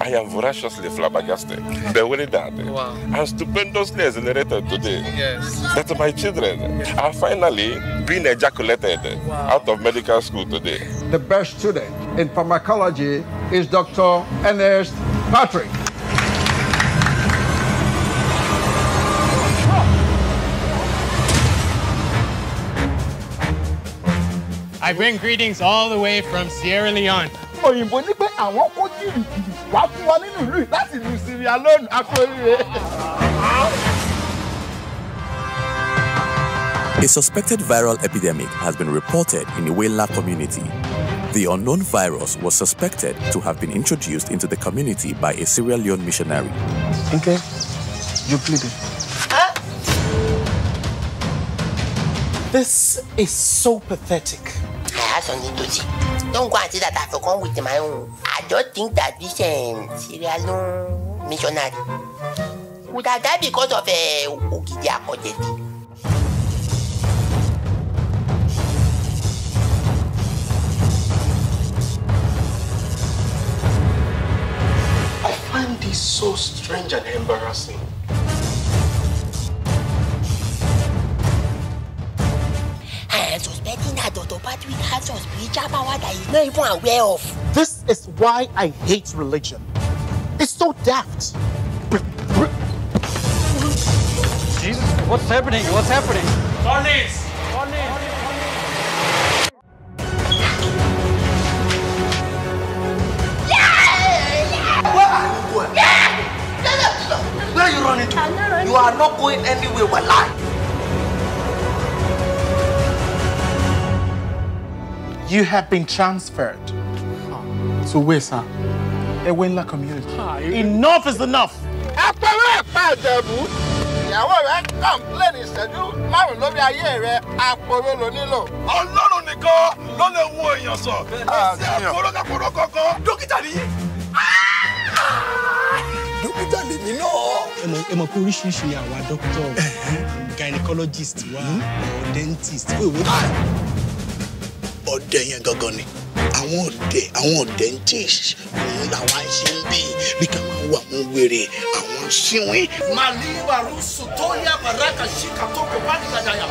I am voraciously flabbergasted. The way that. Wow. I'm stupendously exhilarated today. Yes. That my children yes. are finally being ejaculated wow. out of medical school today. The best student in pharmacology is Dr. Ernest Patrick. I bring greetings all the way from Sierra Leone òyìnbó ní pé àwọn kó jìrìjìrì wá fún wa nínú ìlú láti lu A suspected viral epidemic has been reported in the Wela community. The unknown virus was suspected to have been introduced into the community by a Sierra Leone missionary. Okay, you pleaded. it. This is so pathetic. that's on to see. Don't go and say that I have come with my own. I don't think that this um, serial no. missionary would have died because of uh, Ogidi Akojeti. I find this so strange and embarrassing. battery has a spiritual power that he's not even aware of. This is why I hate religion. It's so daft. Jesus, what's happening? What's happening? Police! Police! Where are you running to? You are not going anywhere alive. You have been transferred To where, sir? A Ewenla community. Ah, enough is enough. Àpẹẹrẹ ìpàdébù, ìyàwó rẹ̀ kọ̀ǹpléènì ìṣẹ́jú márùn-ún lórí ayé rẹ̀ àpòrò ló nílò. Ọlọ́run nìkan ló lè wo èèyàn sọ. Ẹsẹ̀ ah, àpòrókàpòrò kankan. Dókítà nìyí. Dókítà lèmi náà. Ẹ mọ̀ pé oríṣiríṣi àwa dókítà gynecologist wa hmm? or dentist. Ah! ọdẹ yẹn gangan ni àwọn ọdẹ àwọn ọdẹ ń tí òun làwọn àṣẹ ń bí bí ká máa wọ àwọn wèrè àwọn síwín. màlíwàrú sùtọ́ yàgbàrá kàṣíkà tó pè wá nígbàdàyà.